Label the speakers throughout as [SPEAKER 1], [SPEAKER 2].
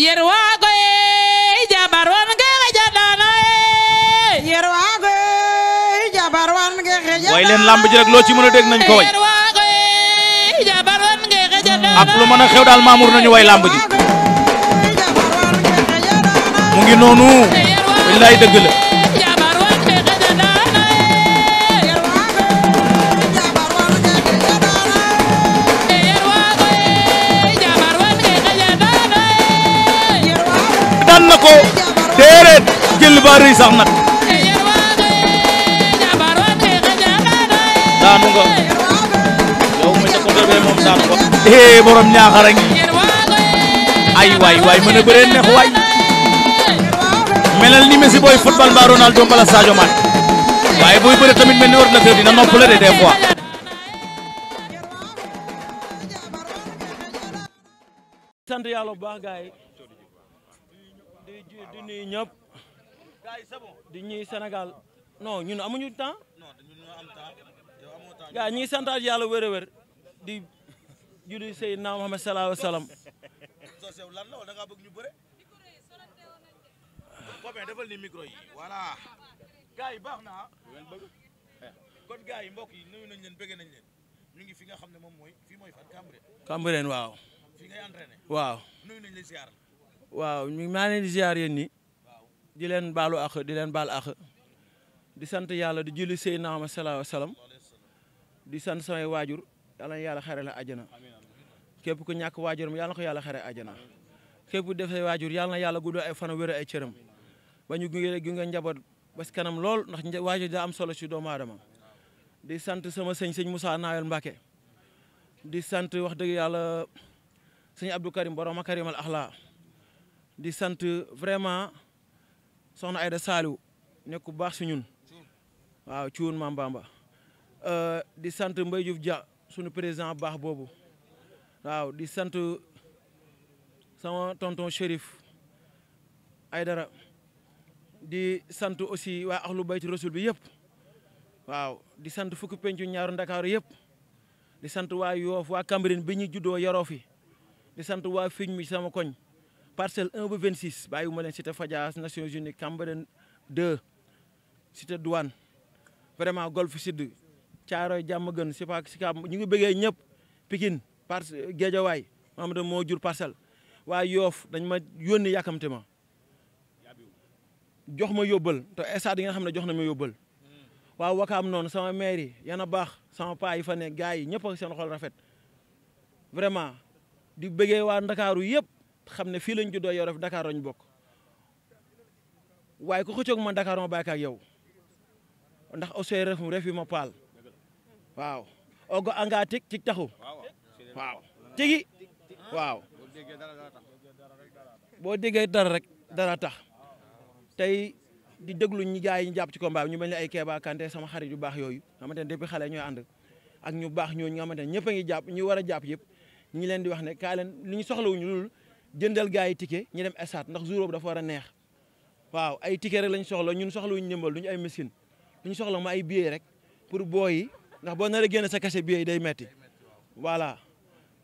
[SPEAKER 1] yerwago e jabar wonge xejaɗano e yerwago e jabar wonge
[SPEAKER 2] xejaɗano way leen lamb ji rek loo ci mën a dégg nañ ko way
[SPEAKER 1] yerwago e jabar ak lu mën a xew daal maamur nañu way lamb ji mu ngi noonu wallaay dëgg ba rëy daanu nga yow ma ca côté bee moom daanu ko eh borom ñaaxara ngi ay waay waay mën a bëree neex waay melal ni Messi booy football mbaa Ronaldo mbala Sadio Mané waaye booy bëre tamit mel ni ordinateur dina noppale de des di ñuy Sénégal non ñun amuñu temps gaa ñuy santaat yàlla wér a wér di julli Seydina Muhammad sallallahu alayhi wa sallam kon gars yi mbokk yi nuyu nañ leen bëgg nañ leen fi nga xam ne moom mooy fii waaw waaw nuyu nañ leen ziar waaw maa di leen baalu àq di leen baal àq di sant yàlla di julli sey Muhammad ma alayhi wa sallam di sant samay waajur yàlla na yàlla xare la àjjana képp ku ñàkk waajuram yàlla ko yàlla xare àjjana képp ku defee waajur yàlla na yàlla guddoo ay fan wér ay cëram ba ñu gunge gunge njaboot ba kanam lool ndax waajur daa am solo si doomu aadama di sant sama sëñ sëñ Moussa Nawel mbake di sant wax dëgg yàlla sëñ Abdou Karim borom Karim al di sant vraiment. soxna Ayda Saliou nekk ku baax si ñun waaw ci woon Maam di sant Mbaye Diouf Dia suñu président baax boobu waaw di sant sama tonton ay dara di sant aussi waa axlu bayti rasul bi yëpp waaw di sant fukki pencu ñaaru ndakaaru yëpp di sant waa yoof waa Cambérène bi ñu juddoo yaroo fi di sant waa fiñ mi sama koñ parcelle 1 ba 26 bàyyiwuma leen cité Fadias Nations Unies Cambérène 2 cité douane vraiment golf sud Caaroy Diamaguène Sicap Sicap ñu ngi bëggee ñëpp Pikine parce Géejawaay maam da moo jur parcelle waaye yoof dañ ma yónni yàkkamte ma jox ma yóbbal te stade yi nga xam ne jox na ma yóbbal waaw wakaam noonu sama maire yi yan a baax sama paa yi fa ne gars ñëpp ak seen xol rafet vraiment di bëggee waa ndakaaru yëpp xam ne fii lañ juddoo yow def Dakar lañ bokk waaye ku xëccoog ma bàyyi ak yow ndax aussi ref ref yi ma paal waaw ogo anga tig cig taxu waaw cigi waaw boo déggee dara rek dara tax tey di déglu ñi gars yi ñu jàpp ci combat bi ñu mel ni ay Kéba sama xarit yu baax yooyu nga xamante ne depuis xale ñooy ñu baax ñooñu nga xamante ne ñëpp a ngi jàpp ñu war a jàpp yëpp ñi leen di wax ne kaa leen li ñu soxlawuñu lul jëndal gaa yi ticket ñu dem stade ndax jour boobu dafa war a neex waaw ay ticket rek lañ soxla ñun soxla wuñu ñëmbal duñu ay machine luñu soxla ma ay billets rek pour booy yi ndax boo nar a génne sa cachet billet yi day metti voilà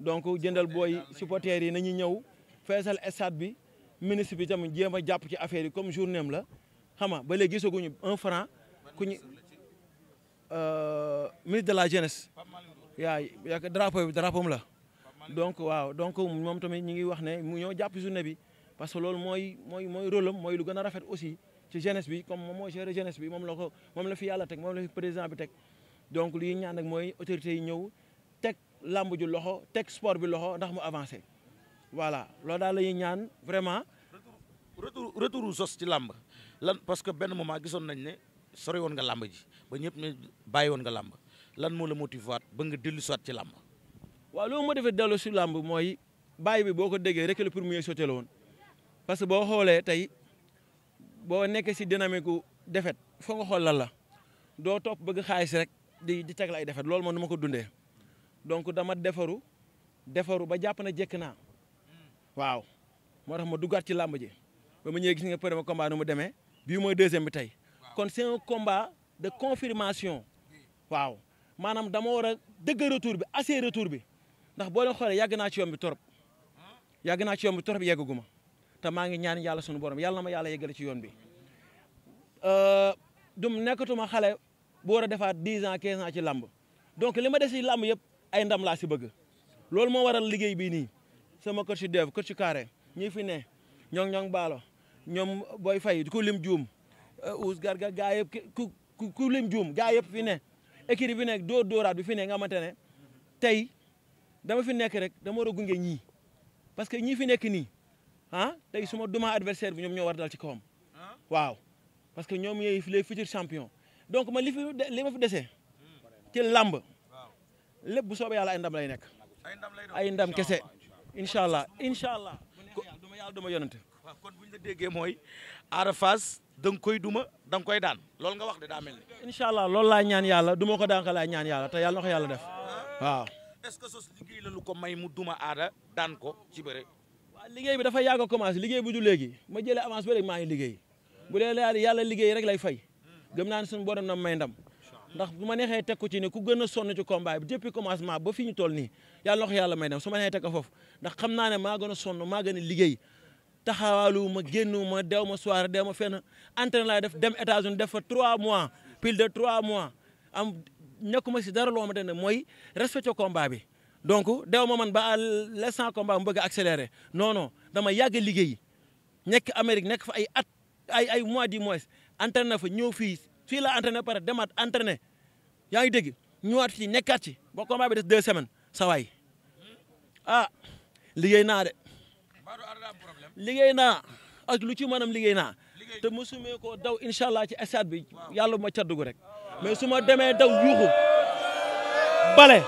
[SPEAKER 1] donc jëndal booy supporters yi nañu ñëw feesal stade bi ministre bi tamit jéem a jàpp ci affaire yi comme journée am la xam ba léegi gisaguñu un franc ku ñu euh, ministre de la jeunesse yaay drapeau bi drapeau am la donc waaw donc moom tamit ñi ngi wax ne mu ñoo jàpp journée bi parce que loolu mooy mooy mooy mooy lu gën a rafet aussi ci jeunesse bi comme moom mooy gérer jeunesse bi moom la ko moom la fi yàlla teg moom la fi président bi donc li ñaan nag mooy autorités yi ñëw teg làmb ju loxo teg sport bi loxo ndax mu avancé voilà loolu daal la ñuy ñaan vraiment. retour sos ci làmb lan parce que benn moment gisoon nañ ne sori woon nga làmb ji ba ñëpp ne bàyyi woon nga làmb lan moo la motivé waat ba nga dellu si waat ci làmb. waaw loolu ma defee delloo si làmb mooy bàyyi bi boo ko déggee reculer pour mieux sauter la woon parce que boo xoolee tey boo nekkee si dynamique gu defet foo nga xool lan la doo topp bëgg xaalis rek di di teg la defet loolu moom nu ma ko dundee donc dama defaru defaru ba jàpp na jekk naa waaw moo rax ma duggaat ci làmb ji ba ma ñëwee gis nga premier combat nu mu demee bii mooy deuxième bi tey kon c'est un de confirmation waaw maanaam dama war a dëgg retour bi assez retour bi ndax boole leen xoolee yàgg naa ci yoon bi torop yàgg naa ci yoon bi torop yeggaguma te maa ngi ñaan yàlla sunu borom yàlla ma yàlla yeggale ci yoon bi euh, dum nekkatuma xale bu defaat 10 ans 15 ans ci làmb donc li ma des ci làmb yëpp ay ndam laa si bëgg loolu moo waral liggéey bii nii sama kër ci dev kër ci carré ñi fi ne ñoom ñoom baalo ñoom booy fay ku lim juum us euh, garga gaa yëpp ku ku juum gaa yëpp fi ne équipe bi fi nekk dóor dóoraat bi fi ne nga xamante ne tey dama fi nekk rek dama war a gunge ñii parce que ñii fi nekk nii ah tey suma duma adversaire bi ñoom ñoo war dal ci kawam waaw parce que ñoom ñooy les futurs champions donc man li fi li ma fi dese ci làmb lépp bu soobee yàlla ay ndam lay nekk ay ndam kese incha allah incha allah yàlla duma yonante waaw déggee mooy Ada Fass da nga koy duma da koy daan loolu nga wax de daa mel ni laa ñaan yàlla duma ko daan laa ñaan yàlla te yàlla na ko yàlla def ah. waaw est-ce que sos liggéey ko may mu duma aada daan bi dafa yàgg a commencé liggéey bu du léegi ma jële avance ba rek maa ngi liggéey bu dee la yàlla liggéey rek lay fay gëm naa ne suñu borom na may ndam ndax bu ma neexee teg ko ci ni ku gën a sonn ci combat bi depuis commencement ba fi ñu toll nii yàlla loxo yàlla may dem su ma neexee teg ko foofu ndax xam naa ne maa gën a sonn maa gën a liggéey taxawaalu ma génnu ma dew ma soirée dew ma fenn entraîné laay def dem États-Unis def fa trois mois pile de mois nekkuma si dara loo xamante ne mooy respecté combat bi donc dew ma man ba à l'instant combat mu bëgg a accéléré non non dama yàgg liggéey nekk Amérique nekk fa ay at ay ay mois du mois entraîné fa ñëw fii fii la entraîné pare demaat entraîné yaa ngi dégg ñëwaat ci nekkaat ci ba combat bi des deux semaines sa waay ah naa de liggéey naa ak lu ci mënam liggéey naa te mosumee koo daw incha allah ci stade bi yàlla bu ma caddugu rek mais su ma demee daw yuuxu bale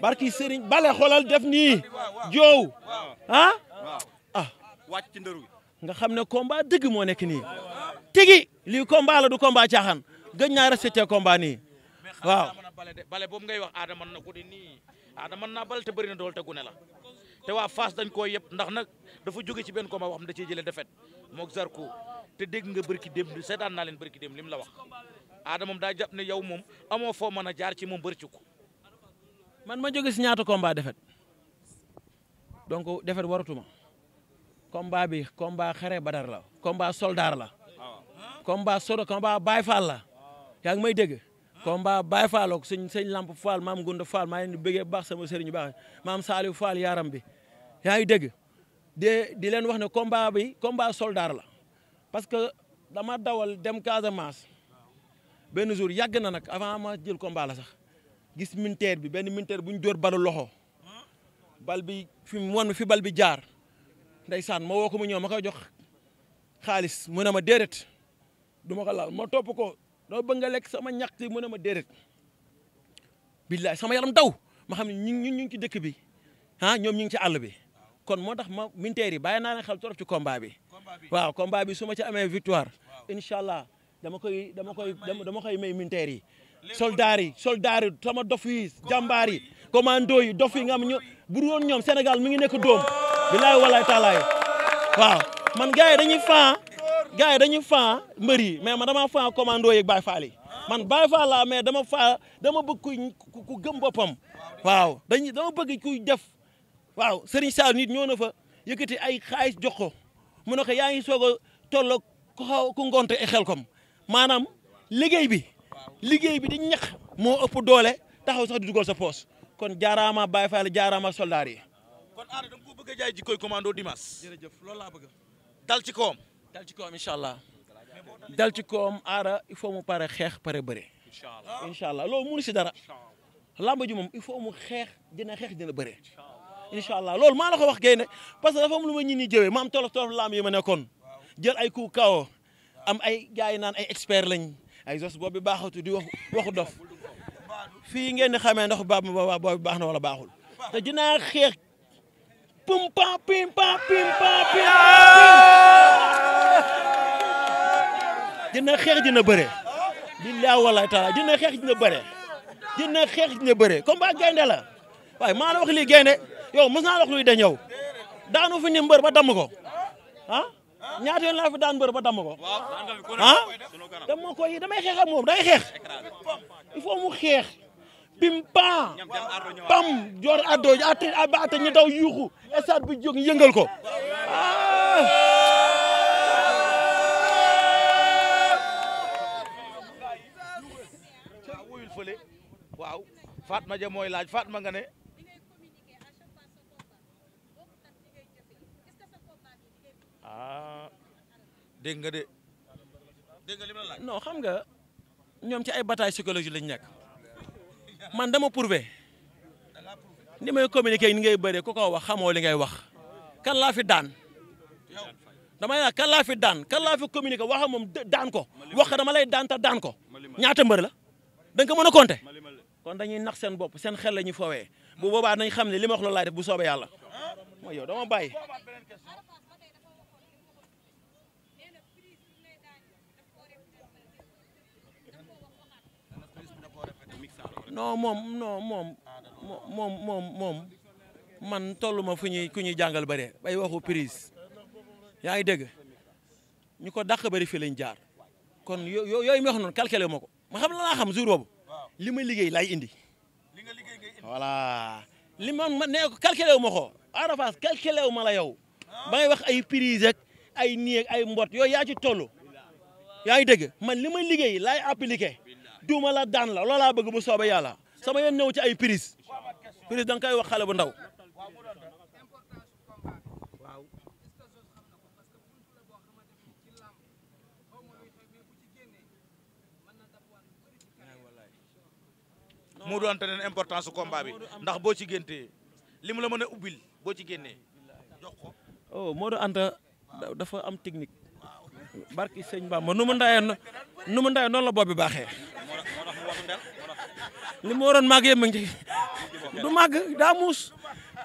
[SPEAKER 1] barki sëriñ bale xoolal def nii joow ah ah wàcc ci ndëru nga xam ne komba dëgg moo nekk nii tigi lii combat la du combat caaxaan gëj naa respecté combat nii waaw bale boobu ngay wax aada mën na ko di mën naa bal te na dool te gune la te waa dañ koo yëpp ndax nag dafa jóge ci benn combat da ciy jëlee défaite mook te dégg nga bërki dem seetaan naa leen bërki dem li mu la wax aada moom daa jàpp ne yow moom amoo foo mën a jaar ci moom bëri ci ko man ma jog si ñaata komba defet donc defet waratuma komba bi combat xare badar la combat soldaar la komba sodo combat baay faal may dégg combat baay faal ak sëñ sëñ lamp faal maam gunda faal maa leen di bëggee baax sama sëriñ baax maam saaliw faal yaaram bi yaa ngi dégg di leen wax ne combat bi combat soldaar la parce que dama dawal dem Casamance benn jour yàgg na nag avant ma jël combat la sax gis militaire bi benn militaire bu ñu dóor balu loxo bal bi fi mu wan fi bal bi jaar ndeysaan ma woo ko mu ma koy jox xaalis mu ne ma déedéet du ma ko ma topp ko doo bëgg nga lekk sama ñaq mu ne ma déedéet billaay sama yaram daw ma xam ne ñu ñu ngi ci dëkk bi ah ñoom ñu ngi ci àll bi. kon moo tax ma militaire yi bàyyi naa leen xal trop ci combat bi waaw combat bi su ma ci amee victoire incha allah dama koy dama koy dama koy may militaire yi soldats yi soldats yi sama dof jàmbaar yi commando yi dof yi nga xam ño bu woon ñoom Sénégal mi ngi nekk dóom bilaay walaay taalaay waaw man gars yi dañuy fan gars yi dañuy mbër yi mais man dama fan commando yi Baye Fall man Baye Fall laa mais dama fa dama bëgg ku ku gëm boppam waaw dañuy dama bëgg kuy def waaw Serigne Sall nit ñoo na fa yëkkati ay xaalis jox ko mu ne ko yaa ngi soog a tolloo ku xaw ku e xel kom maanaam liggéey bi liggéey bi di ñax moo ëpp doole taxaw sax di dugal sa poos kon jaaraama Baye Fall jaaraama soldaar yi. kon Aada da bëgg a jaay jikkooy commando Dimas. jërëjëf loolu laa bëgg dal ci koom. dal ci koom incha allah dal ci koom il faut mu pare xeex pare bëre. incha allah incha allah loolu mënu si dara. làmb ji moom il faut mu xeex dina xeex dina bëre. incha allah loolu maa la ko wax gaynde parce que dafa am lu ma ñit ñi jëwee ma am tolof tolof laam yi ne nekkoon jël ay coup kawo am ay gars yi naan ay expert lañ ay jos boobu baaxatu di wax waxu dof fii ngeen ne xamee ndox baab ma boobu baax na wala baaxul te dinaa xeex pum pam pim pam pim pam pim dina xeex dina bëre billahi wallahi taala dina xeex dina bëre dina xeex gaynde la waaye maa la wax lii gaynde yow mos naa wax luy deñ yow daanu fi ni mbër ba damm ko ah ñaata yoon laa fi daan mbër ba damm ko ah dama koy damay xeex ak moom day xeex il faut xeex bim pam pam joor addo atte ba atte ñu daw yuuxu stade bi jóg yëngal ko waaw Fatma ja mooy laaj Fatma nga ne ah dégg nga de dégg nga li ma la xam nga ñoom ci ay bataille psychologique lañ nekk man dama prouvé ni may communiqué ni ngay bëree ku ko wax xamoo li ngay wax kan laa fi daan dama ne kan laa fi daan kan laa fi communiqué waxa moom daan ko wax dama lay daan ta daan ko ñaata mbër la da nga ko mën a compter kon dañuy nax seen bopp seen xel la ñuy fowee bu boobaa nañ xam ne li ma wax loolu laay bu soobee yàlla mooy yow dama bàyyi non moom non moom moom moom moom man tollu ma fu ñuy ku ñuy jàngal bëre bay waxu prise yaa ngi dégg ñu ko dàq bëri fii lañ jaar kon yo yooyu mi wax noonu calculé ma ko ma xam la laa xam jour boobu li ma liggéey laay indi voilà li man ma nee ko calculé wu ma ko Ada Fass calculé wu ma la yow ah. ba ngay wax ay prise ak ay nii ak ay mbot yooyu yaa ci toll yaa ngi dégg man li may liggéey laay appliqué duuma la daan la loolaa bëgg bu sooba yàlla sama yoon ñëw ci ay prise prise da nga koy wax xale bu ndaw. mu doon te neen importance ndax boo ci géntee li mu la mën a ubbil boo ci génnee jox oh, Anta dafa am technique barki sëñ Bamba nu mu ndaayee nu mu ndaayee noonu la boobu baaxee. li ma waroon màgg yëpp ma ngi du màgg daa muus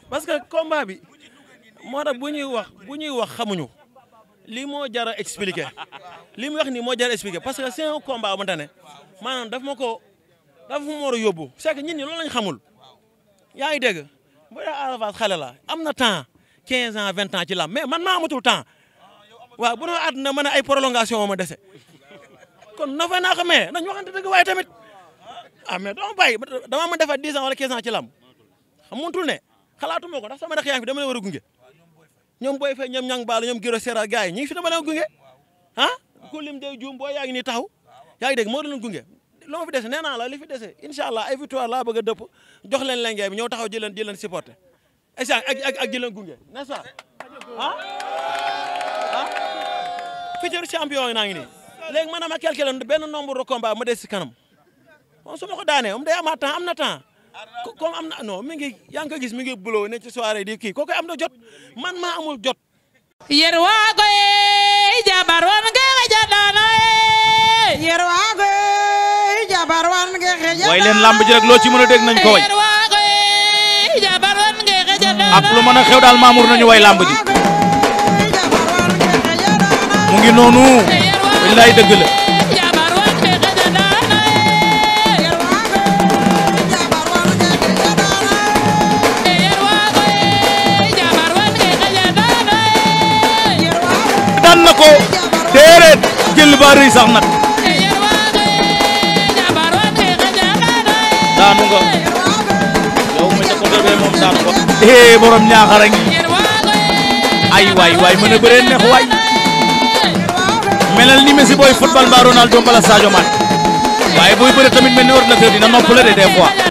[SPEAKER 1] parce que combat bi moo tax bu ñuy wax bu ñuy wax xamuñu lii moo jar a expliqué li mu wax nii moo jar a parce que c'est un combat bu ne maanaam daf ma ko daf ma war a yóbbu c'est que ñit ñi loolu lañ yaa ngi dégg bu dee la am na temps 15 ans 20 ans ci lam mais man maa amatul temps waaw bu doon àdduna ma ne ay prolongation moo ma dese kon na fay naa xamee nañ waxante dëgg waaye tamit. ah mais dama bàyyi defa mën defaat dix ans wala quinze ans ne xalaatuma ko ndax sama ndax yaa ngi fi dama leen war a gunge ñoom booy fay ñoom ñang baal ñoom giro sera a yi ñu ngi fi dama leen gunge ah ku lim day juum boo yaa ngi nii taxaw yaa ngi dégg moo leen gunge lu ma fi dese nee naa la li fi dese incha allah ay victoire laa bëgg a dëpp jox leen lengee bi ñëw taxaw di leen di leen supporter échange ak ak gunge n'est-ce pas ah ah futur champion yi naa ngi nii léegi maanaam ak benn nombre de combat ma des moom su ma ko daanee moom day am na temps comme am na mi ngi yaa gis mi ngi buloo ne ci soirée am na jot man maa amul jot. ji
[SPEAKER 2] rek loo ci mën a dégg nañ ko way. yer
[SPEAKER 1] waa ko yee jabar wan nga a daal maamur nañu way làmb mu ngi noonu. wallaay dëgg la. dafa rëy sax nag daanu nga yow mi jokkoonte bee moom daanu ko eh borom ñaaxara ngi ay waay waay mën a bëree neex waay melal ni Messi booy football mbaa Ronaldo mbala Sadio Mané waaye booy bëre tamit mel ni ordinateur dina noppale de des fois.